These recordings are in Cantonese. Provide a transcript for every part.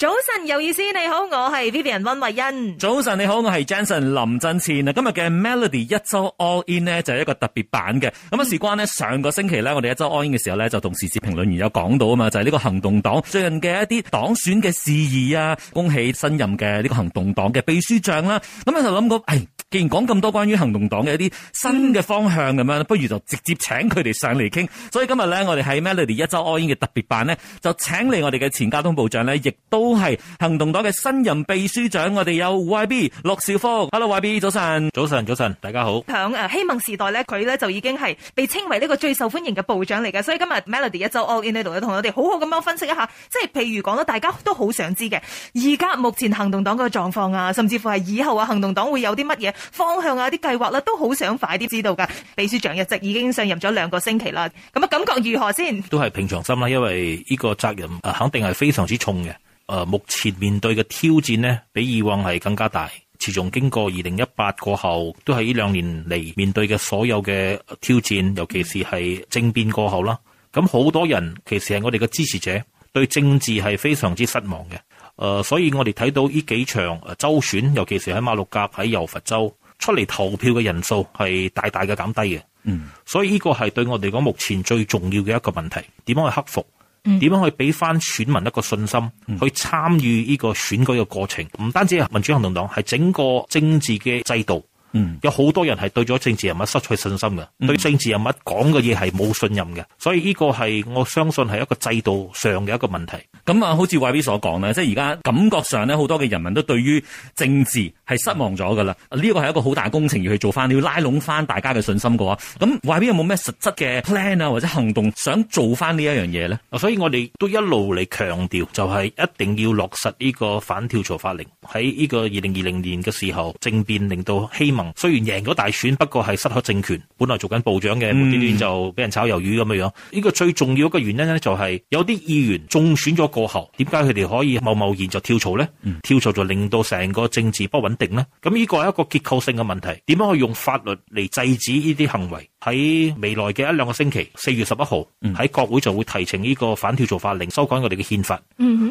早晨，有意思，你好，我係 Vivian 溫慧欣。早晨，你好，我係 Janson 林振前啊。今日嘅 Melody 一周 All In 咧就係、是、一個特別版嘅。咁啊、嗯，事關咧上個星期呢，我哋一周 All In 嘅時候呢，就同時事評論員有講到啊嘛，就係、是、呢個行動黨最近嘅一啲黨選嘅事宜啊，恭喜新任嘅呢個行動黨嘅秘書長啦。咁啊，就諗過，誒、哎，既然講咁多關於行動黨嘅一啲新嘅方向咁樣，嗯、不如就直接請佢哋上嚟傾。所以今日呢，我哋喺 Melody 一周 All In 嘅特別版呢，就請嚟我哋嘅前交通部長呢，亦都，都係行動黨嘅新任秘書長，我哋有 YB 陸兆福。Hello YB，早晨，早晨，早晨，大家好。響誒希望時代咧，佢咧就已經係被稱為呢個最受歡迎嘅部長嚟嘅，所以今日 Melody 一周 All In 度同我哋好好咁樣分析一下，即係譬如講到大家都好想知嘅，而家目前行動黨嘅狀況啊，甚至乎係以後啊，行動黨會有啲乜嘢方向啊、啲計劃啦，都好想快啲知道噶。秘書長一直已經上任咗兩個星期啦，咁啊感覺如何先？都係平常心啦，因為呢個責任誒肯定係非常之重嘅。誒目前面對嘅挑戰咧，比以往係更加大。始終經過二零一八過後，都係呢兩年嚟面對嘅所有嘅挑戰，尤其是係政變過後啦。咁好多人其實係我哋嘅支持者，對政治係非常之失望嘅。誒、呃，所以我哋睇到呢幾場誒州選，尤其是喺馬六甲喺柔佛州出嚟投票嘅人數係大大嘅減低嘅。嗯，所以呢個係對我哋講目前最重要嘅一個問題，點樣去克服？點樣去俾翻選民一個信心去參與呢個選舉嘅過程？唔單止係民主行動黨，係整個政治嘅制度。嗯，有好多人係對咗政治人物失去信心嘅，嗯、對政治人物講嘅嘢係冇信任嘅，所以呢個係我相信係一個制度上嘅一個問題。咁啊、嗯，好似 YB 所講咧，即係而家感覺上咧，好多嘅人民都對於政治係失望咗噶啦。呢個係一個好大工程要去做翻，你要拉攏翻大家嘅信心嘅話，咁 YB 有冇咩實質嘅 plan 啊或者行動想做翻呢一樣嘢咧？所以我哋都一路嚟強調，就係一定要落實呢個反跳槽法令。喺呢個二零二零年嘅時候政變令到希望。雖然贏咗大選，不過係失去政權。本來做緊部長嘅，無端、嗯、就俾人炒魷魚咁樣。呢個最重要一個原因咧、就是，就係有啲議員中選咗過後，點解佢哋可以貿貿然就跳槽咧？嗯、跳槽就令到成個政治不穩定咧。咁呢個係一個結構性嘅問題。點樣可以用法律嚟制止呢啲行為？喺未來嘅一兩個星期，四月十一號喺國會就會提請呢個反跳槽法令，修改我哋嘅憲法。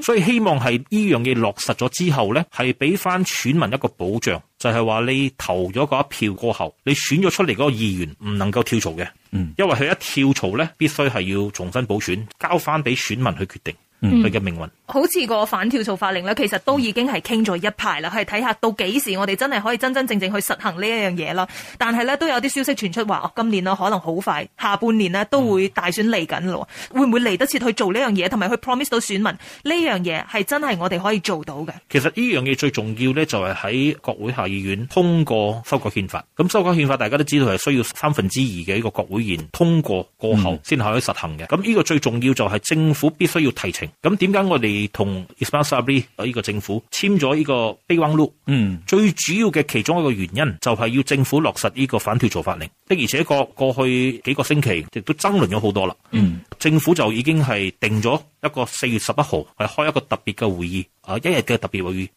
所以希望係呢樣嘢落實咗之後咧，係俾翻選民一個保障，就係話你投咗嗰一票過後，你選咗出嚟嗰個議員唔能夠跳槽嘅。嗯，因為佢一跳槽咧，必須係要重新補選，交翻俾選民去決定。嗯，佢嘅命運好似個反跳槽法令呢，其實都已經係傾咗一排啦，係睇下到幾時我哋真係可以真真正正去實行呢一樣嘢啦。但係呢，都有啲消息傳出話，哦，今年呢可能好快，下半年呢都會大選嚟緊咯。嗯、會唔會嚟得切去做呢樣嘢，同埋去 promise 到選民呢樣嘢係真係我哋可以做到嘅。其實呢樣嘢最重要呢，就係喺國會下議院通過修改憲法。咁修改憲法，大家都知道係需要三分之二嘅一個國會議員通過過後先可以實行嘅。咁呢、嗯、個最重要就係政府必須要提呈。咁點解我哋同 Ismail Sabri 呢個政府簽咗呢個備忘錄？嗯，最主要嘅其中一個原因就係、是、要政府落實呢個反跳槽法令。的而且確，過去幾個星期亦都爭論咗好多啦。嗯，政府就已經係定咗一個四月十一號係開一個特別嘅會議，啊，一日嘅特別會議。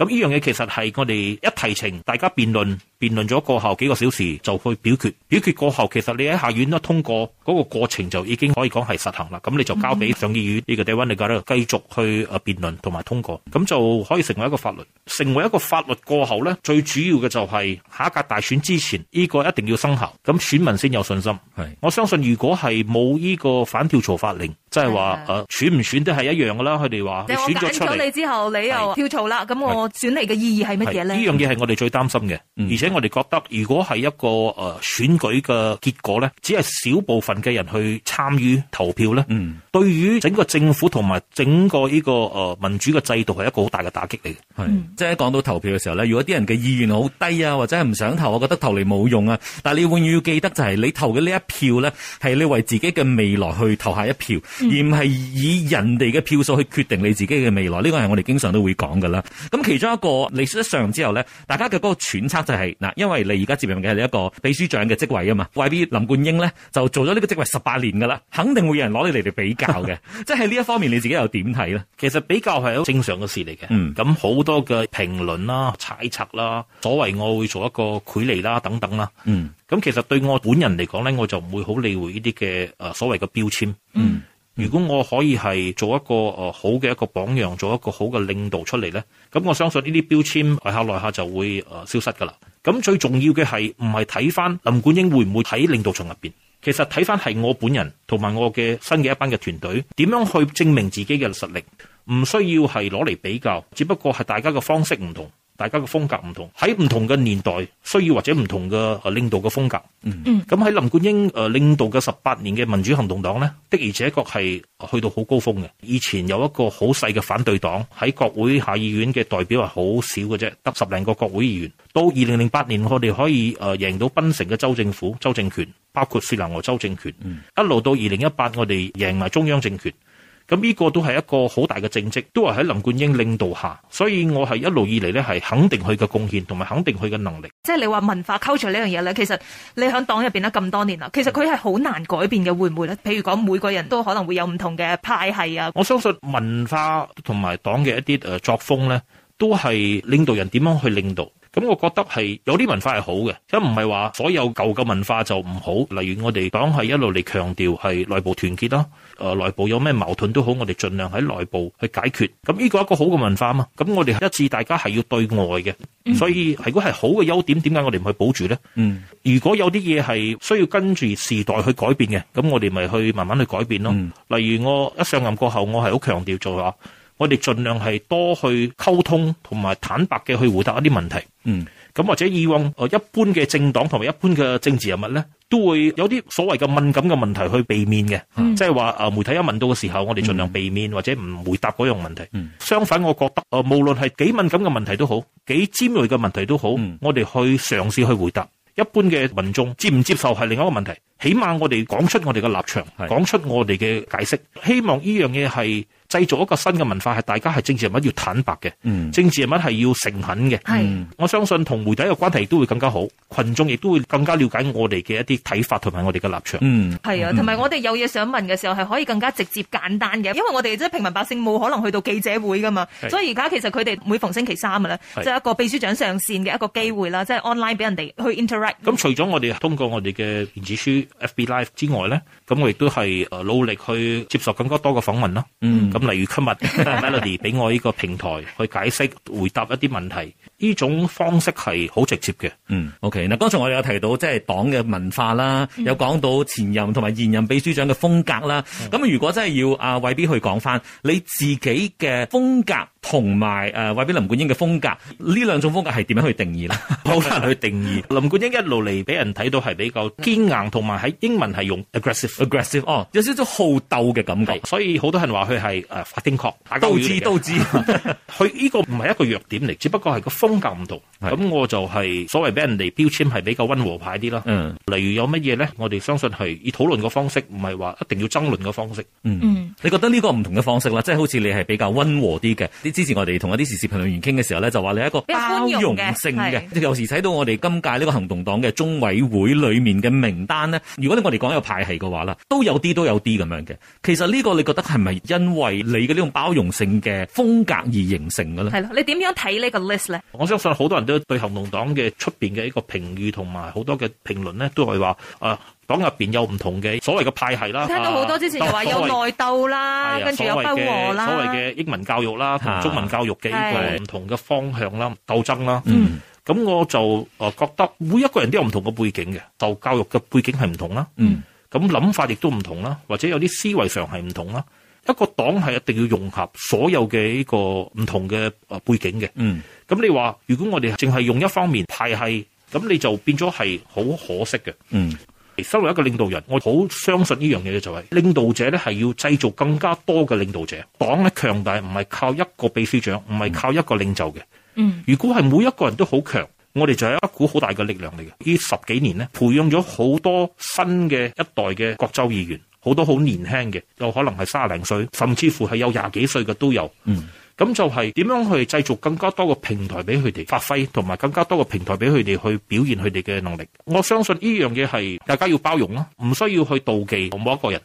咁呢樣嘢其實係我哋一提呈，大家辯論，辯論咗過後幾個小時就去表決，表決過後其實你喺下院都通過嗰、那個過程就已經可以講係實行啦。咁你就交俾上議院呢、嗯、個 Dewan 你繼續去誒辯論同埋通過，咁就可以成為一個法律。成為一個法律過後呢，最主要嘅就係下一屆大選之前呢、這個一定要生效，咁選民先有信心。係是，我相信如果係冇呢個反跳槽法令，即係話誒選唔選都係一樣噶啦。佢哋話你選咗你之後你又跳槽啦，咁我。選嚟嘅意義係乜嘢咧？呢樣嘢係我哋最擔心嘅，嗯、而且我哋覺得，如果係一個誒、呃、選舉嘅結果咧，只係少部分嘅人去參與投票咧，嗯、對於整個政府同埋整個呢、呢個誒、呃、民主嘅制度係一個好大嘅打擊嚟嘅。係是、嗯、即係講到投票嘅時候咧，如果啲人嘅意願好低啊，或者係唔想投，我覺得投嚟冇用啊。但係你永遠要記得、就係，就係你投嘅呢一票咧，係你為自己嘅未來去投下一票，嗯、而唔係以人哋嘅票數去決定你自己嘅未來。呢個係我哋經常都會講㗎啦。咁。其中一個你上任之後咧，大家嘅嗰個揣測就係、是、嗱，因為你而家接任嘅係你一個秘書長嘅職位啊嘛，YB 林冠英咧就做咗呢個職位十八年噶啦，肯定會有人攞你嚟嚟比較嘅， 即係呢一方面你自己又點睇咧？其實比較係好正常嘅事嚟嘅。嗯，咁好多嘅評論啦、猜測啦、所謂我會做一個距離啦等等啦，嗯，咁其實對我本人嚟講咧，我就唔會好理會呢啲嘅誒所謂嘅標籤，嗯。如果我可以係做一個誒、呃、好嘅一個榜樣做一個好嘅領導出嚟咧，咁我相信呢啲標籤外下來下就會誒、呃、消失噶啦。咁最重要嘅係唔係睇翻林冠英會唔會喺領導層入邊，其實睇翻係我本人同埋我嘅新嘅一班嘅團隊點樣去證明自己嘅實力，唔需要係攞嚟比較，只不過，係大家嘅方式唔同。大家嘅風格唔同，喺唔同嘅年代需要或者唔同嘅領導嘅風格。嗯，咁喺林冠英誒領導嘅十八年嘅民主行動黨呢，的而且確係去到好高峰嘅。以前有一個好細嘅反對黨喺國會下議院嘅代表係好少嘅啫，得十零個國會議員。到二零零八年我哋可以誒贏到檳城嘅州政府、州政權，包括雪蘭莪州政權，嗯、一路到二零一八我哋贏埋中央政權。咁呢個都係一個好大嘅政績，都係喺林冠英領導下，所以我係一路以嚟咧係肯定佢嘅貢獻同埋肯定佢嘅能力。即係你話文化 culture 呢樣嘢咧，其實你喺黨入邊咧咁多年啦，其實佢係好難改變嘅，會唔會咧？譬如講每個人都可能會有唔同嘅派系啊。我相信文化同埋黨嘅一啲誒作風咧，都係領導人點樣去領導。咁我覺得係有啲文化係好嘅，咁唔係話所有舊嘅文化就唔好。例如我哋黨係一路嚟強調係內部團結啦，誒、呃、內部有咩矛盾都好，我哋盡量喺內部去解決。咁呢個係一個好嘅文化嘛。咁我哋一致大家係要對外嘅，所以係如果係好嘅優點，點解我哋唔去保住咧？嗯，如果有啲嘢係需要跟住時代去改變嘅，咁我哋咪去慢慢去改變咯。嗯、例如我一上任過後，我係好強調做法。我哋盡量係多去溝通，同埋坦白嘅去回答一啲問題。嗯，咁或者以往誒一般嘅政黨同埋一般嘅政治人物呢，都會有啲所謂嘅敏感嘅問題去避免嘅，嗯、即係話誒媒體一問到嘅時候，我哋盡量避免或者唔回答嗰樣問題。嗯、相反，我覺得誒無論係幾敏感嘅問題都好，幾尖銳嘅問題都好，嗯、我哋去嘗試去回答。一般嘅民眾接唔接受係另一個問題，起碼我哋講出我哋嘅立場，講的出我哋嘅解釋，希望呢樣嘢係。製造一個新嘅文化係，大家係政治人物要坦白嘅，嗯、政治人物係要誠懇嘅。嗯、我相信同媒體嘅關係都會更加好，群眾亦都會更加了解我哋嘅一啲睇法同埋我哋嘅立場。嗯，係啊，同埋、嗯、我哋有嘢想問嘅時候係可以更加直接簡單嘅，因為我哋即係平民百姓冇可能去到記者會㗎嘛。是所以而家其實佢哋每逢星期三嘅、啊、咧，是就一個秘書長上線嘅一個機會啦，即、就、係、是、online 俾人哋去 interact。咁、嗯嗯、除咗我哋通過我哋嘅電子書 FB Live 之外咧，咁我亦都係誒努力去接受更加多嘅訪問囉。嗯。嗯。例如今日 Melody 俾我呢個平台去解釋回答一啲問題，呢種方式係好直接嘅。嗯，OK。嗱，剛才我哋有提到即係黨嘅文化啦，嗯、有講到前任同埋現任秘書長嘅風格啦。咁、嗯、如果真係要啊，偉必去講翻你自己嘅風格。同埋誒，話俾、呃、林冠英嘅風格，呢兩種風格係點樣去定義咧？好難 去定義。林冠英一路嚟俾人睇到係比較堅硬，同埋喺英文係用 ag aggressive aggressive、oh, 哦，有少少好鬥嘅感覺。是所以好多人話佢係誒發大家都知，都知。佢 呢 個唔係一個弱點嚟，只不過係個風格唔同。咁是我就係所謂俾人哋標籤係比較溫和派啲咯。嗯，例如有乜嘢咧？我哋相信係以討論嘅方式，唔係話一定要爭論嘅方式。嗯，嗯，你覺得呢個唔同嘅方式啦，即係好似你係比較溫和啲嘅。之前我哋同一啲時事評論員傾嘅時候咧，就話你一個包容性嘅，即有時睇到我哋今屆呢個行動黨嘅中委會裏面嘅名單咧，如果你我哋講有派系嘅話啦，都有啲都有啲咁樣嘅。其實呢個你覺得係咪因為你嘅呢種包容性嘅風格而形成嘅咧？係咯？你點樣睇呢個 list 咧？我相信好多人都對行動黨嘅出邊嘅一個評語同埋好多嘅評論咧，都係話誒。呃黨入邊有唔同嘅所謂嘅派系啦，聽到好多之前就話有內鬥啦，啊啊、跟住有不和啦，所謂嘅英文教育啦同中文教育嘅呢個唔同嘅方向啦，鬥、啊、爭啦。咁、啊嗯、我就啊覺得每一個人都有唔同嘅背景嘅，就教育嘅背景係唔同啦。咁諗、嗯、法亦都唔同啦，或者有啲思維上係唔同啦。一個黨係一定要融合所有嘅呢個唔同嘅啊背景嘅。咁、嗯、你話如果我哋淨係用一方面派系，咁你就變咗係好可惜嘅。嗯身為一個領導人，我好相信呢樣嘢就係、是，領導者呢係要製造更加多嘅領導者。黨咧強大唔係靠一個秘書長，唔係靠一個領袖嘅。嗯，如果係每一個人都好強，我哋就係一股好大嘅力量嚟嘅。呢十幾年咧，培養咗好多新嘅一代嘅國州議員，好多好年輕嘅，有可能係三十零歲，甚至乎係有廿幾歲嘅都有。嗯。咁就係點樣去製造更加多個平台俾佢哋發揮，同埋更加多個平台俾佢哋去表現佢哋嘅能力。我相信呢樣嘢係大家要包容咯，唔需要去妒忌某一個人。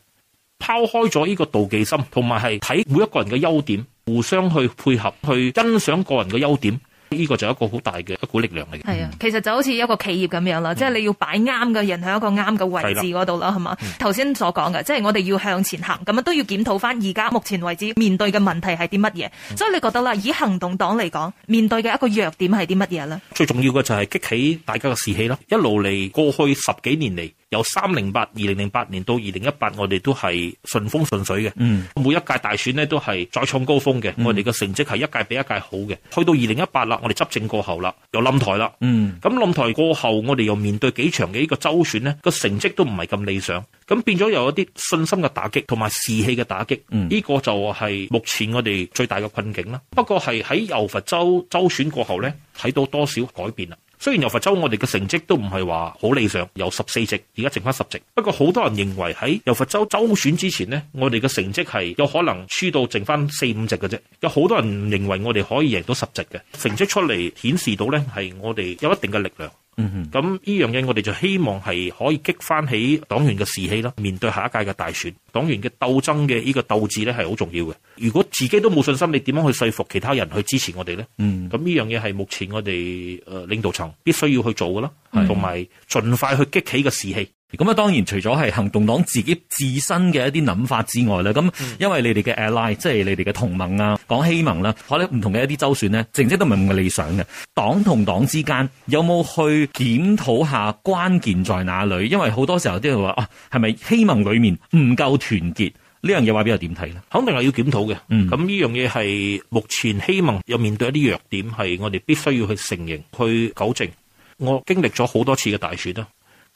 拋開咗呢個妒忌心，同埋係睇每一個人嘅優點，互相去配合，去欣賞個人嘅優點。呢個就係一個好大嘅一股力量嚟嘅。係啊，嗯、其實就好似一個企業咁樣啦，嗯、即係你要擺啱嘅人喺一個啱嘅位置嗰度啦，係嘛？頭先所講嘅，即係我哋要向前行，咁樣都要檢討翻而家目前為止面對嘅問題係啲乜嘢。嗯、所以你覺得啦，以行動黨嚟講，面對嘅一個弱點係啲乜嘢咧？最重要嘅就係激起大家嘅士氣啦，一路嚟過去十幾年嚟。由三零八二零零八年到二零一八，我哋都係順風順水嘅。嗯，每一屆大選呢，都係再創高峰嘅。嗯、我哋嘅成績係一屆比一屆好嘅。去到二零一八啦，我哋執政過後啦，又冧台啦。嗯，咁冧台過後，我哋又面對幾場嘅呢個州選呢，個成績都唔係咁理想。咁變咗又有啲信心嘅打擊，同埋士氣嘅打擊。呢、嗯、個就係目前我哋最大嘅困境啦。不過係喺柔佛州州選過後呢，睇到多少改變啦。雖然柔佛州我哋嘅成績都唔係話好理想，有十四席而家剩翻十席，不過好多人認為喺柔佛州州選之前呢，我哋嘅成績係有可能輸到剩翻四五席嘅啫。有好多人認為我哋可以贏到十席嘅成績出嚟，顯示到呢係我哋有一定嘅力量。嗯，咁呢、mm hmm. 樣嘢我哋就希望係可以激翻起黨員嘅士氣啦。面對下一屆嘅大選，黨員嘅鬥爭嘅呢個鬥志咧係好重要嘅。如果自己都冇信心，你點樣去說服其他人去支持我哋咧？嗯、mm，咁、hmm. 呢樣嘢係目前我哋誒領導層必須要去做噶咯，同埋盡快去激起個士氣。咁啊，當然除咗係行動黨自己自身嘅一啲諗法之外咧，咁、嗯、因為你哋嘅 ally，即係你哋嘅同盟啊，講希盟啦，可能唔同嘅一啲州選呢，成績都唔係咁理想嘅。黨同黨之間有冇去檢討下關鍵在哪裏？因為好多時候啲人話啊，係咪希盟裏面唔夠團結樣，呢樣嘢，話俾我點睇咧？肯定係要檢討嘅。咁呢樣嘢係目前希盟又面對一啲弱點，係我哋必須要去承認、去糾正。我經歷咗好多次嘅大選啦。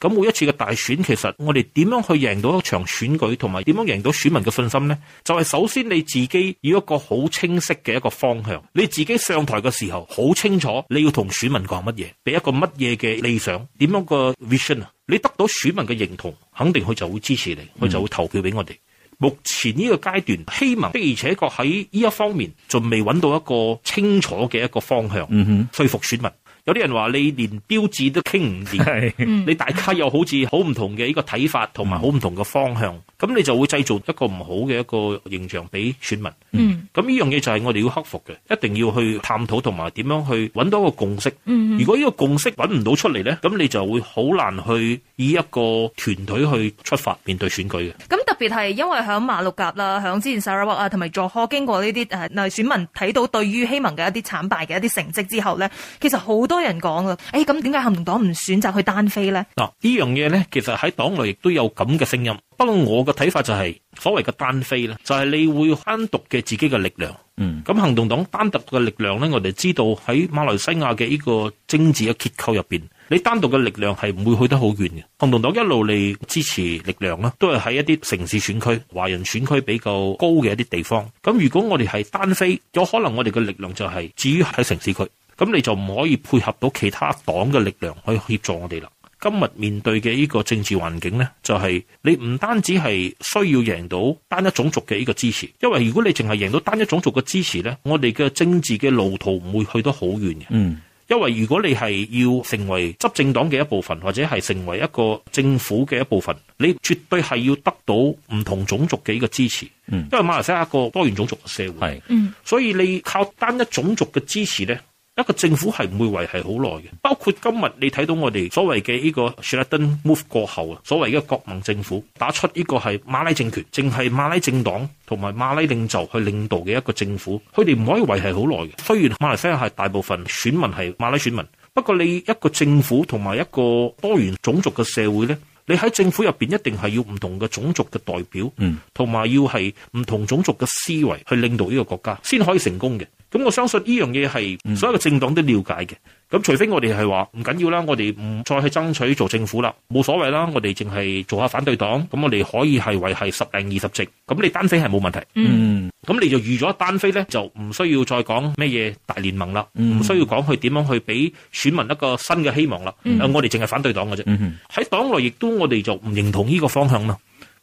咁每一次嘅大選，其實我哋點樣去贏到一場選舉，同埋點樣贏到選民嘅信心呢？就係、是、首先你自己要一個好清晰嘅一個方向，你自己上台嘅時候好清楚你要同選民講乜嘢，俾一個乜嘢嘅理想，點樣個 vision 啊？你得到選民嘅認同，肯定佢就會支持你，佢就會投票俾我哋。嗯、目前呢個階段，希盟的而且確喺呢一方面仲未揾到一個清楚嘅一個方向，嗯哼，説服選民。有啲人話你連標誌都傾唔掂，的你大家又好似好唔同嘅呢個睇法同埋好唔同嘅方向，咁你就會製造一個唔好嘅一個形象俾選民。嗯，咁呢樣嘢就係我哋要克服嘅，一定要去探討同埋點樣去搵到一個共識。如果呢個共識搵唔到出嚟咧，咁你就會好難去以一個團隊去出發面對選舉嘅。咁、嗯、特別係因為響馬六甲啦，響之前砂拉越啊同埋柔佛，經過呢啲誒，選民睇到對於希盟嘅一啲慘敗嘅一啲成績之後咧，其實好多。人講啦，誒、哎，咁點解行動黨唔選擇去單飛呢？嗱，呢樣嘢呢，其實喺黨內亦都有咁嘅聲音。不過我嘅睇法就係、是，所謂嘅單飛呢，就係、是、你會單獨嘅自己嘅力量。嗯，咁行動黨單獨嘅力量呢，我哋知道喺馬來西亞嘅呢個政治嘅結構入邊，你單獨嘅力量係唔會去得好遠嘅。行動黨一路嚟支持力量啦，都係喺一啲城市選區、華人選區比較高嘅一啲地方。咁如果我哋係單飛，有可能我哋嘅力量就係止於喺城市區。咁你就唔可以配合到其他黨嘅力量去協助我哋啦。今日面對嘅呢個政治環境呢，就係、是、你唔單止係需要贏到單一種族嘅呢個支持，因為如果你淨係贏到單一種族嘅支持呢，我哋嘅政治嘅路途唔會去得好遠嘅。嗯，因為如果你係要成為執政黨嘅一部分，或者係成為一個政府嘅一部分，你絕對係要得到唔同種族嘅呢個支持。嗯，因為馬來西亞一個多元種族嘅社會，嗯，所以你靠單一種族嘅支持呢。一個政府係唔會維繫好耐嘅，包括今日你睇到我哋所謂嘅呢個雪拉登 move 過後啊，所謂嘅國民政府打出呢個係馬拉政權，淨係馬拉政黨同埋馬拉領袖去領導嘅一個政府，佢哋唔可以維繫好耐嘅。雖然馬來西亞係大部分選民係馬拉選民，不過你一個政府同埋一個多元種族嘅社會咧，你喺政府入邊一定係要唔同嘅種族嘅代表，嗯，同埋要係唔同種族嘅思維去領導呢個國家先可以成功嘅。咁我相信呢樣嘢係所有嘅政黨都了解嘅。咁除非我哋係話唔緊要啦，我哋唔再去爭取做政府啦，冇所謂啦，我哋淨係做下反對黨。咁我哋可以係維繫十零二十席。咁你單飛係冇問題。嗯。咁你就預咗單飛咧，就唔需要再講咩嘢大聯盟啦，唔、嗯、需要講去點樣去俾選民一個新嘅希望啦。嗯、我哋淨係反對黨嘅啫。喺黨內亦都我哋就唔認同呢個方向啦。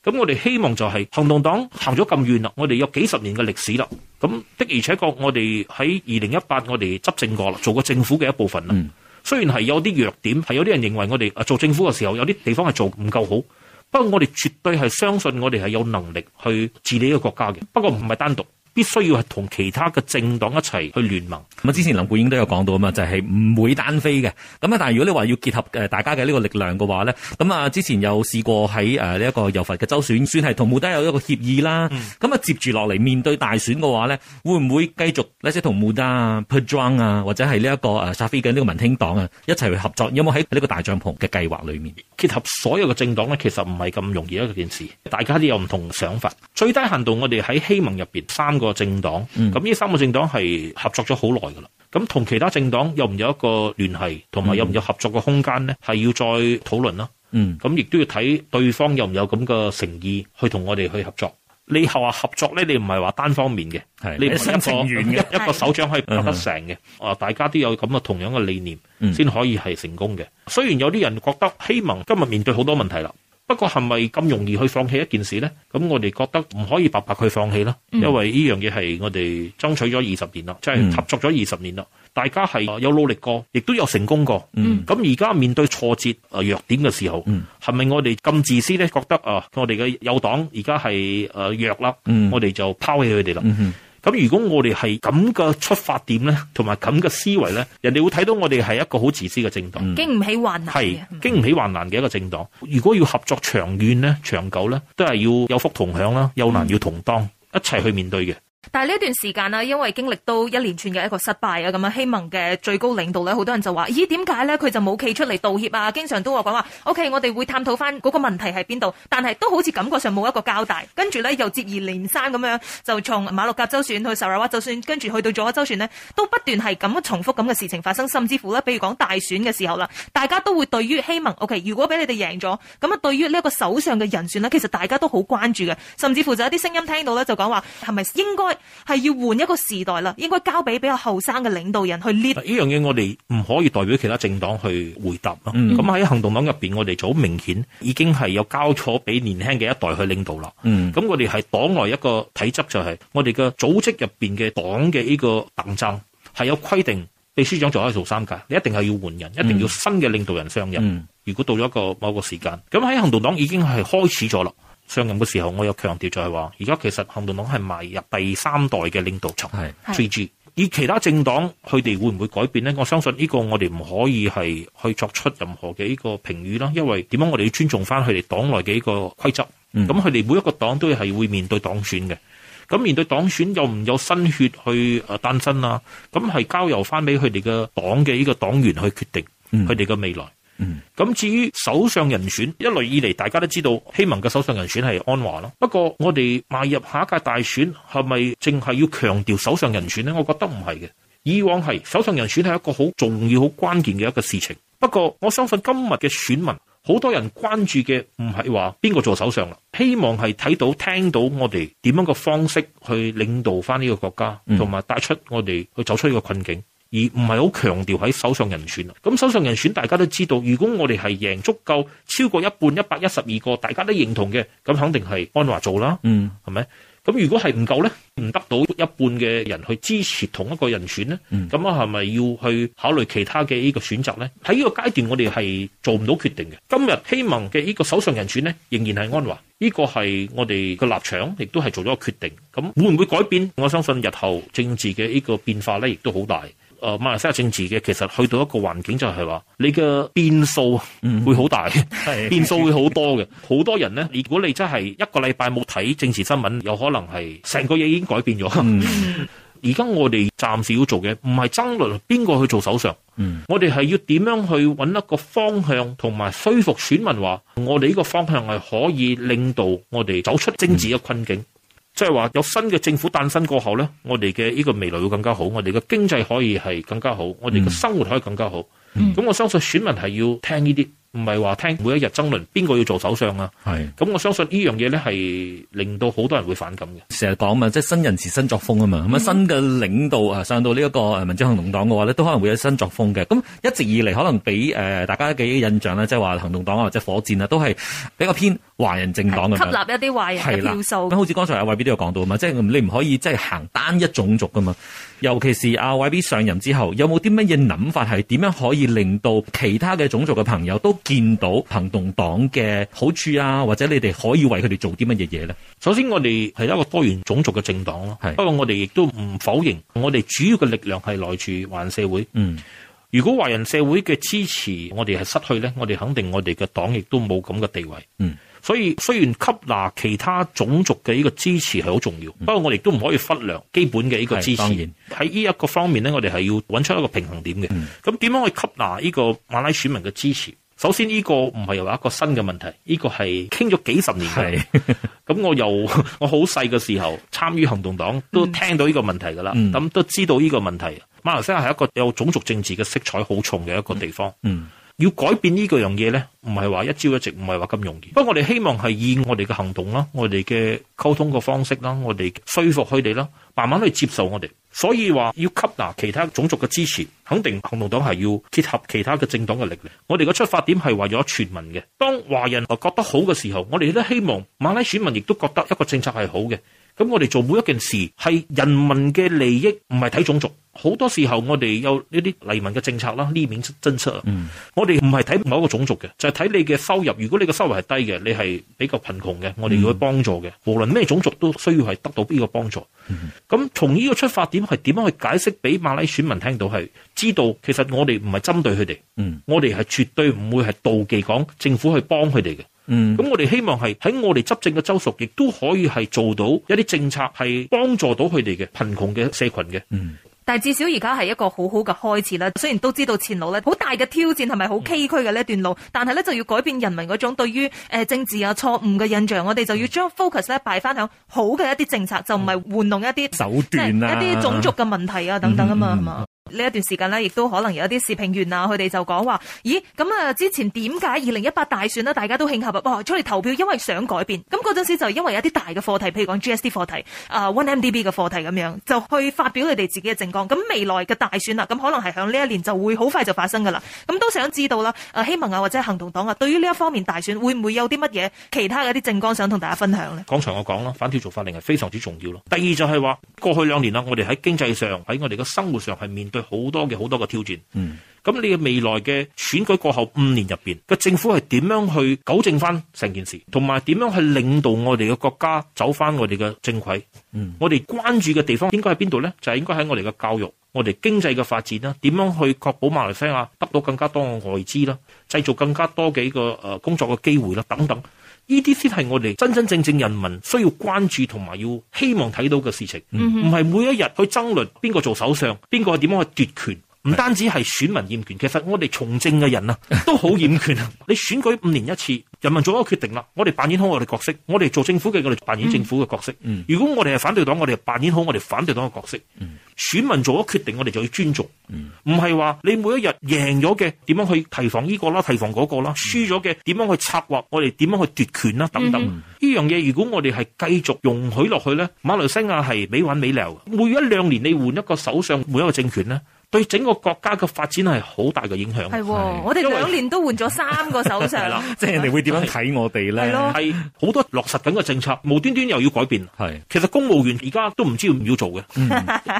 咁我哋希望就係行動黨行咗咁遠啦，我哋有幾十年嘅歷史啦。咁的而且確，我哋喺二零一八我哋執政過啦，做過政府嘅一部分啦。雖然係有啲弱點，係有啲人認為我哋啊做政府嘅時候有啲地方係做唔夠好。不過我哋絕對係相信我哋係有能力去治理呢個國家嘅。不過唔係單獨。必須要係同其他嘅政黨一齊去聯盟。咁啊，之前林冠英都有講到啊嘛，就係、是、唔會單飛嘅。咁啊，但係如果你話要結合誒大家嘅呢個力量嘅話咧，咁啊，之前有試過喺誒呢一個柔佛嘅州選，算係同穆達有一個協議啦。咁啊、嗯，接住落嚟面對大選嘅話咧，會唔會繼續呢啲同穆達、就是、Putraj 啊，或者係呢一個誒沙飛嘅呢個民青黨啊一齊去合作？有冇喺呢個大帳篷嘅計劃裡面結合所有嘅政黨咧？其實唔係咁容易一個件事，大家都有唔同想法。最低限度，我哋喺希盟入邊三個個政黨，咁呢、嗯、三個政黨係合作咗好耐噶啦，咁同其他政黨又唔有一個聯繫，同埋有唔有合作嘅空間呢？係要再討論咯。嗯，咁亦都要睇對方有唔有咁嘅誠意去同我哋去合作。你話合作呢，你唔係話單方面嘅，係的你，你一個成員嘅一個首長係辦得成嘅。的啊，的大家都有咁嘅同樣嘅理念，先、嗯、可以係成功嘅。雖然有啲人覺得希盟今日面對好多問題啦。不過係咪咁容易去放棄一件事咧？咁我哋覺得唔可以白白去放棄咯，嗯、因為呢樣嘢係我哋爭取咗二十年啦，即、就、係、是、合作咗二十年啦，大家係有努力過，亦都有成功過。咁而家面對挫折啊弱點嘅時候，係咪、嗯、我哋咁自私咧？覺得啊，我哋嘅友黨而家係誒弱啦，嗯、我哋就拋棄佢哋啦。嗯哼咁如果我哋係咁嘅出發點咧，同埋咁嘅思維咧，人哋會睇到我哋係一個好自私嘅政黨，嗯、係，經唔起患難，係經唔起患難嘅一個政黨。如果要合作長遠咧、長久咧，都係要有福同享啦，有難要同當，一齊去面對嘅。但係呢段時間啦，因為經歷到一連串嘅一個失敗啊，咁啊，希盟嘅最高領導呢，好多人就話，咦，點解呢？佢就冇企出嚟道歉啊？經常都話講話，O K，我哋會探討翻嗰個問題喺邊度。但係都好似感覺上冇一個交代。跟住呢，又接二連三咁樣，就從馬六甲州選去砂拉越州選，跟住去到咗州選呢，都不斷係咁樣重複咁嘅事情發生，甚至乎呢，比如講大選嘅時候啦，大家都會對於希盟 OK，如果俾你哋贏咗，咁啊對於呢一個首相嘅人選呢，其實大家都好關注嘅，甚至乎就一啲聲音聽到呢，就講話，係咪應該？係要換一個時代啦，應該交俾比較後生嘅領導人去 lead 呢樣嘢。我哋唔可以代表其他政黨去回答啦。咁喺、嗯、行動黨入邊，我哋就好明顯已經係有交錯俾年輕嘅一代去領導啦。咁、嗯、我哋係黨內一個體制就係、是，我哋嘅組織入邊嘅黨嘅呢個鬥爭係有規定，秘書長就可做三屆，你一定係要換人，嗯、一定要新嘅領導人上任。嗯、如果到咗一個某個時間，咁喺行動黨已經係開始咗啦。上任嘅時候，我有強調就係話，而家其實行動黨係邁入第三代嘅領導層，三以而其他政黨佢哋會唔會改變呢？我相信呢個我哋唔可以係去作出任何嘅呢個評語啦。因為點樣我哋要尊重翻佢哋黨內嘅呢個規則。咁佢哋每一個黨都係會面對黨選嘅。咁面對黨選又唔有新血去啊誕生啊？咁係交由翻俾佢哋嘅黨嘅呢個黨員去決定佢哋嘅未來。咁、嗯、至於首相人選，一類以來以嚟大家都知道希盟嘅首相人選係安華咯。不過我哋邁入下一屆大選，係咪淨係要強調首相人選呢？我覺得唔係嘅。以往係首相人選係一個好重要、好關鍵嘅一個事情。不過我相信今日嘅選民，好多人關注嘅唔係話邊個做首相啦，希望係睇到、聽到我哋點樣嘅方式去領導翻呢個國家，同埋帶出我哋去走出呢個困境。嗯而唔係好強調喺首相人選啦。咁首相人選，大家都知道，如果我哋係贏足夠超過一半一百一十二個，大家都認同嘅，咁肯定係安華做啦。嗯，係咪？咁如果係唔夠呢，唔得到一半嘅人去支持同一個人選呢，咁係咪要去考慮其他嘅呢個選擇呢？喺呢個階段，我哋係做唔到決定嘅。今日希望嘅呢個首相人選呢，仍然係安華，呢、這個係我哋嘅立場，亦都係做咗個決定。咁會唔會改變？我相信日後政治嘅呢個變化呢，亦都好大。誒、呃、馬來西亞政治嘅其實去到一個環境就係話，你嘅變數會好大，嗯、變數會好多嘅。好 多人咧，如果你真係一個禮拜冇睇政治新聞，有可能係成個嘢已經改變咗。而家、嗯、我哋暫時要做嘅唔係爭論邊個去做首相，嗯、我哋係要點樣去揾一個方向，同埋說服選民話，我哋呢個方向係可以令到我哋走出政治嘅困境。嗯即係話有新嘅政府誕生過後咧，我哋嘅呢個未來會更加好，我哋嘅經濟可以係更加好，我哋嘅生活可以更加好。咁我相信選民係要聽呢啲。唔係話聽每一日爭論邊個要做首相啊？係咁是，我相信呢樣嘢咧，係令到好多人會反感嘅。成日講啊，即係新人事新作風啊嘛。咁啊、嗯，新嘅領導啊，上到呢一個民主行動黨嘅話咧，都可能會有新作風嘅。咁一直以嚟，可能俾誒大家嘅印象咧，即係話行動黨啊，或者火箭啊，都係比較偏華人政黨嘅。吸納一啲華人嘅票數。咁好似剛才 YB 都有講到啊嘛，即係你唔可以即係行單一種族噶嘛。尤其是 YB 上任之後，有冇啲乜嘢諗法係點樣可以令到其他嘅種族嘅朋友都見到行動黨嘅好處啊，或者你哋可以為佢哋做啲乜嘢嘢咧？首先，我哋係一個多元種族嘅政黨咯，係是。不過我哋亦都唔否認，我哋主要嘅力量係嚟自華人社會。嗯，如果華人社會嘅支持我哋係失去咧，我哋肯定我哋嘅黨亦都冇咁嘅地位。嗯，所以雖然吸納其他種族嘅呢個支持係好重要，嗯、不過我哋都唔可以忽略基本嘅呢個支持。喺呢一個方面咧，我哋係要揾出一個平衡點嘅。咁點、嗯、樣去吸納呢個馬來選民嘅支持？首先呢個唔係話一個新嘅問題，呢個係傾咗幾十年嚟。咁 我由我好細嘅時候參與行動黨，都聽到呢個問題噶啦，咁、嗯、都知道呢個問題。馬來西亞係一個有種族政治嘅色彩好重嘅一個地方。嗯嗯要改變呢個樣嘢咧，唔係話一朝一夕，唔係話咁容易。不過我哋希望係以我哋嘅行動啦，我哋嘅溝通嘅方式啦，我哋說服佢哋啦，慢慢去接受我哋。所以話要吸納其他種族嘅支持，肯定行動黨係要結合其他嘅政黨嘅力量。我哋嘅出發點係為咗全民嘅，當華人覺得好嘅時候，我哋都希望馬拉選民亦都覺得一個政策係好嘅。咁我哋做每一件事，係人民嘅利益，唔係睇種族。好多時候我哋有呢啲利民嘅政策啦，呢面真實啊，嗯、我哋唔係睇某一個種族嘅，就係、是、睇你嘅收入。如果你嘅收入係低嘅，你係比較貧窮嘅，我哋要去幫助嘅。無論咩種族都需要係得到呢個幫助。咁從呢個出發點係點樣去解釋俾馬拉選民聽到，係知道其實我哋唔係針對佢哋，嗯、我哋係絕對唔會係妒忌講政府去幫佢哋嘅。嗯，咁我哋希望係喺我哋執政嘅州屬，亦都可以係做到一啲政策係幫助到佢哋嘅貧窮嘅社群嘅。嗯，但係至少而家係一個好好嘅開始啦。雖然都知道前路咧好大嘅挑戰係咪好崎嶇嘅呢一段路，嗯、但係咧就要改變人民嗰種對於誒、呃、政治啊錯誤嘅印象。我哋就要將 focus 咧擺翻響好嘅一啲政策，嗯、就唔係玩弄一啲手段啦、啊，一啲種族嘅問題啊等等啊嘛，係嘛、嗯。嗯嗯。呢一段時間呢，亦都可能有一啲時評員啊，佢哋就講話：，咦，咁啊，之前點解二零一八大選呢？大家都慶幸啊，出嚟投票，因為想改變。咁嗰陣時就因為有啲大嘅課題，譬如講 G S T 課題，啊、uh,，One M D B 嘅課題咁樣，就去發表佢哋自己嘅政綱。咁未來嘅大選啊，咁可能係響呢一年就會好快就發生噶啦。咁都想知道啦、啊，希望啊，或者行動黨啊，對於呢一方面大選，會唔會有啲乜嘢其他嘅啲政綱想同大家分享呢？剛才我講啦，反跳做法令係非常之重要咯。第二就係話，過去兩年啦，我哋喺經濟上，喺我哋嘅生活上係面對。好多嘅好多嘅挑戰，嗯，咁你嘅未來嘅選舉過後五年入邊嘅政府係點樣去糾正翻成件事，同埋點樣去領導我哋嘅國家走翻我哋嘅正軌？嗯，我哋關注嘅地方應該喺邊度咧？就係應該喺我哋嘅教育，我哋經濟嘅發展啦，點樣去確保馬來西亞得到更加多嘅外資啦，製造更加多幾個誒工作嘅機會啦，等等。呢啲先係我哋真真正正人民需要關注同埋要希望睇到嘅事情，唔係、嗯、哼每一日去爭論邊個做首相，邊個點樣去奪權。唔單止係選民厭權，其實我哋從政嘅人啊，都好厭權啊！ 你選舉五年一次，人民做咗一個決定啦，我哋扮演好我哋角色，我哋做政府嘅，我哋扮演政府嘅角色。嗯、如果我哋係反對黨，我哋扮演好我哋反對黨嘅角色。嗯、選民做咗決定，我哋就要尊重。唔係話你每一日贏咗嘅，點樣去提防呢個啦，提防嗰個啦。嗯、輸咗嘅，點樣去策劃？我哋點樣去奪權啦？等等呢樣嘢，如果我哋係繼續容許落去咧，馬來西亞係冇完冇了。每一兩年你換一個首相，每一個政權咧，對整個國家嘅發展係好大嘅影響。係，我哋兩年都換咗三個首相。係，即係人哋會點樣睇我哋咧？係好多落實緊嘅政策，無端端又要改變。係的，其實公務員而家都唔知要唔要做嘅。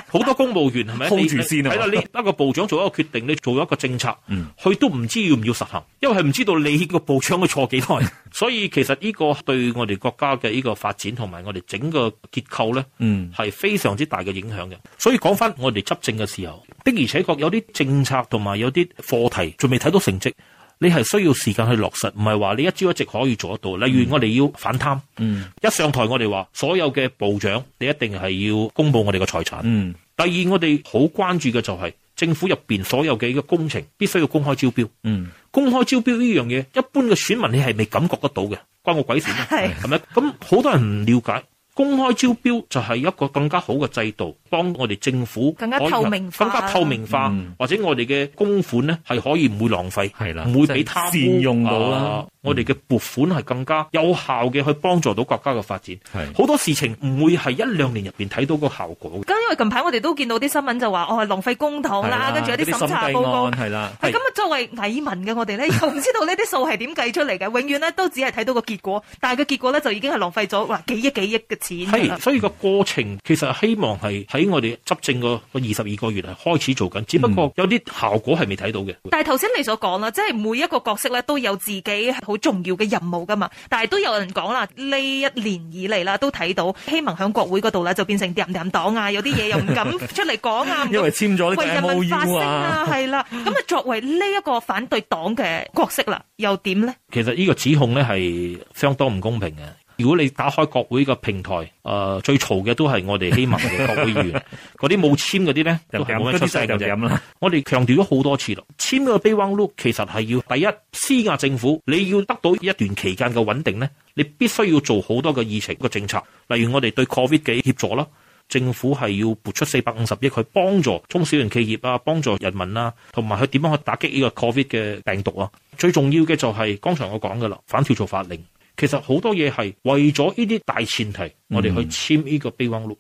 好 多公務員係咪？空住 先啊呢！係啦，你一個部長做一個決定，你做一個政策，佢 都唔知要唔要實行，因為係唔知道你個部長佢錯幾耐。 所以其實呢個對我哋國家嘅呢個發展同埋我哋整個結構咧，嗯，係非常之大嘅影響嘅。 所以講翻我哋執政嘅時候，而且確有啲政策同埋有啲課題仲未睇到成績，你係需要時間去落實，唔係話你一朝一夕可以做得到。例如我哋要反貪，嗯，一上台我哋話所有嘅部長你一定係要公布我哋嘅財產，嗯。第二我哋好關注嘅就係、是、政府入邊所有嘅一個工程必須要公開招標，嗯。公開招標呢樣嘢一般嘅選民你係未感覺得到嘅，關我鬼事、啊，係係咪？咁好 多人唔了解。公開招標就係一個更加好嘅制度，幫我哋政府更加透明化，更加透明化，或者我哋嘅公款呢係可以唔會浪費，係啦，唔會俾貪污啊！我哋嘅撥款係更加有效嘅去幫助到國家嘅發展。係好多事情唔會係一兩年入邊睇到個效果。咁因為近排我哋都見到啲新聞就話，哦，浪費公帑啦，跟住有啲審查報告係啦。係咁啊，作為蟻民嘅我哋咧，又唔知道呢啲數係點計出嚟嘅，永遠咧都只係睇到個結果，但係個結果咧就已經係浪費咗哇幾億幾億嘅錢。係，所以個過程其實希望係喺我哋執政個個二十二個月係開始做緊，只不過有啲效果係未睇到嘅。但係頭先你所講啦，即係每一個角色咧都有自己好重要嘅任務噶嘛。但係都有人講啦，呢一年以嚟啦都睇到，希望喺國會嗰度咧就變成敵人黨啊，有啲嘢又唔敢出嚟講啊。因為簽咗 MOU，為人民發聲啊，係啦。咁啊，作為呢一個反對黨嘅角色啦，又點呢？其實呢個指控呢係相當唔公平嘅。如果你打開國會嘅平台，誒、呃，最嘈嘅都係我哋希盟嘅國會議員，嗰啲冇簽嗰啲咧就冇乜出聲就咁啦。我哋強調咗好多次咯，簽個備忘錄其實係要第一施壓政府，你要得到一段期間嘅穩定咧，你必須要做好多嘅議程個政策，例如我哋對 Covid 嘅協助啦，政府係要撥出四百五十億去幫助中小型企業啊，幫助人民啊，同埋去點樣去打擊呢個 Covid 嘅病毒啊。最重要嘅就係、是、剛才我講嘅啦，反跳做法令。其實好多嘢係為咗呢啲大前提，我哋去簽呢個備忘錄。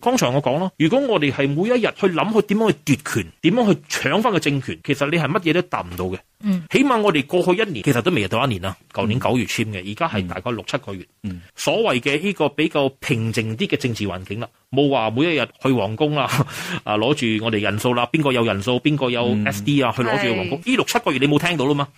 剛才我講啦，如果我哋係每一日去諗去點樣去奪權，點樣去搶翻個政權，其實你係乜嘢都答唔到嘅。起碼我哋過去一年，其實都未到一年啦。舊年九月簽嘅，而家係大概六七個月。所謂嘅呢個比較平靜啲嘅政治環境啦，冇話每一日去皇宮啦，啊攞住我哋人數啦，邊個有人數，邊個有 SD 啊，去攞住個皇宮。呢六七個月你冇聽到啦嘛？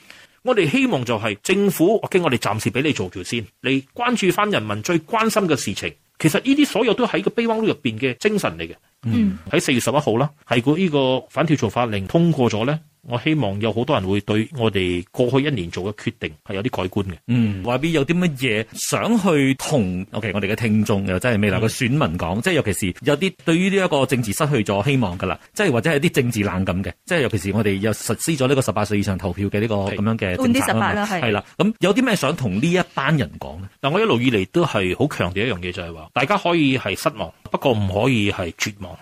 我哋希望就係政府，OK，我哋暫時俾你做條線，你關注翻人民最關心嘅事情。其實呢啲所有都喺個備忘錄入邊嘅精神嚟嘅。嗯，喺四月十一號啦，係個呢個反跳槽法令通過咗咧。我希望有好多人會對我哋過去一年做嘅決定係有啲改觀嘅。嗯，話俾有啲乜嘢想去同 OK 我哋嘅聽眾又真係未來嘅選民講，即係尤其是有啲對於呢一個政治失去咗希望㗎啦，即係或者係啲政治冷感嘅，即係尤其是我哋又實施咗呢個十八歲以上投票嘅呢個咁是樣嘅政策啊嘛。係啦，咁有啲咩想同呢一班人講咧？嗱，我一路以嚟都係好強調一樣嘢，就係話大家可以係失望，不過唔可以係絕望。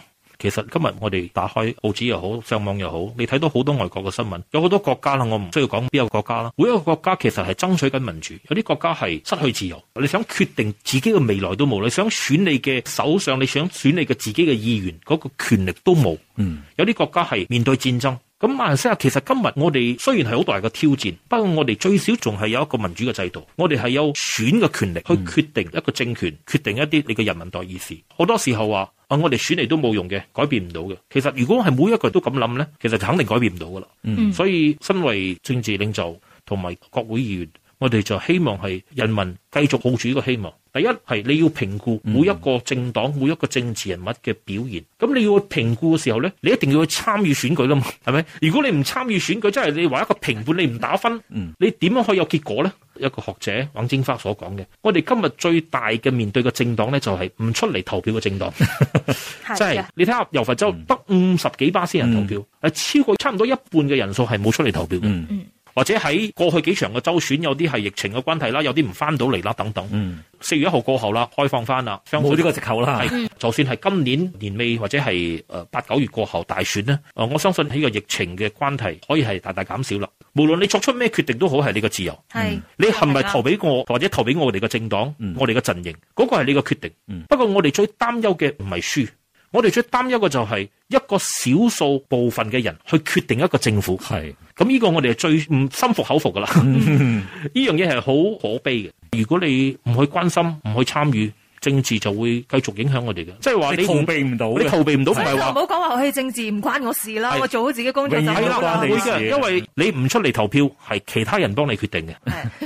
其實今日我哋打開報紙又好，上網又好你睇到好多外國嘅新聞，有好多國家啦，我唔需要講邊個國家啦。每一個國家其實係爭取緊民主，有啲國家係失去自由，你想決定自己嘅未來都冇，你想選你嘅首相，你想選你嘅自己嘅議員，嗰個權力都冇。嗯，有啲國家係面對戰爭。咁馬來西亞，其實今日我哋雖然係好大嘅挑戰，不過我哋最少仲係有一個民主嘅制度，我哋係有選嘅權力去決定一個政權，決定一啲你嘅人民代議士。好多時候話。啊！我哋選嚟都冇用嘅，改變唔到嘅。其實如果係每一個人都咁諗咧，其實就肯定改變唔到㗎喇。嗯、所以身為政治領袖同埋國會議員，我哋就希望係人民繼續抱住一個希望。第一係你要評估每一個政黨、嗯、每一個政治人物嘅表現，咁你要去評估嘅時候咧，你一定要去參與選舉啦嘛，係咪？如果你唔參與選舉，即係你話一個評判你唔打分，嗯、你點樣可以有結果咧？一個學者黃正發所講嘅，我哋今日最大嘅面對嘅政黨咧，就係唔出嚟投票嘅政黨，即係你睇下柔佛州得五十幾巴仙人投票，係、嗯嗯、超過差唔多一半嘅人數係冇出嚟投票。嗯嗯或者喺過去幾場嘅州選有啲係疫情嘅關係啦，有啲唔返到嚟啦等等。嗯、四月一號過後啦，開放返啦，冇呢個藉口啦。係，就算係今年年尾或者係誒八九月過後大選咧，誒我相信呢個疫情嘅關係可以係大大減少啦。無論你作出咩決定都好，係你嘅自由。係、嗯，你係咪投俾我、嗯、或者投俾我哋嘅政黨？嗯、我哋嘅陣營嗰個係你嘅決定。嗯、不過我哋最擔憂嘅唔係輸。我哋最擔憂嘅就係一個少數部分嘅人去決定一個政府，咁呢是、嗯，呢個我哋係最唔心服口服噶啦，呢樣嘢係好可悲嘅。如果你唔去關心，唔去參與。政治就會繼續影響我哋嘅，即係話你逃避唔到，你逃避唔到，唔係話唔好講話我係政治唔關我事啦，的我做好自己工作就係啦的。因為你唔出嚟投票，係其他人幫你決定嘅。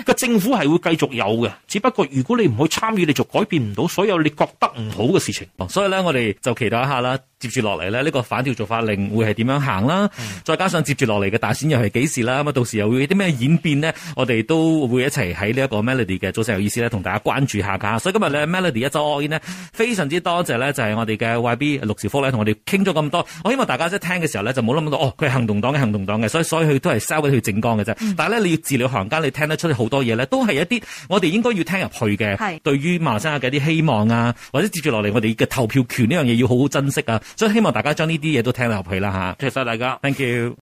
個的 政府係會繼續有嘅，只不過如果你唔去參與，你就改變唔到所有你覺得唔好嘅事情。 所以咧，我哋就期待一下啦。接住落嚟呢，呢、呢個反跳做法令會係點樣行啦？嗯、再加上接住落嚟嘅大選又係幾時啦？咁啊，到時又會有啲咩演變呢？我哋都會一齊喺呢一個 Melody 嘅早晨有意思咧，同大家關注下㗎。所以今日咧 ，Melody 一週 All In 咧，非常之多謝呢，就係、是、我哋嘅 YB 陸兆福咧，同 我哋傾咗咁多。我希望大家即係聽嘅時候呢，就冇諗到哦，佢係行動黨嘅行動黨嘅，所以所以佢都係 sell 俾佢政綱嘅啫。嗯、但係呢，你要治療行家，你聽得出好多嘢呢，都係一啲我哋應該要聽入去嘅。係是對於馬來西亞嘅一啲希望啊，或者接住落嚟我哋嘅投票權呢樣嘢要好好珍惜啊！所以、so, 希望大家將呢啲嘢都聽落去啦吓，多謝晒大家，thank you。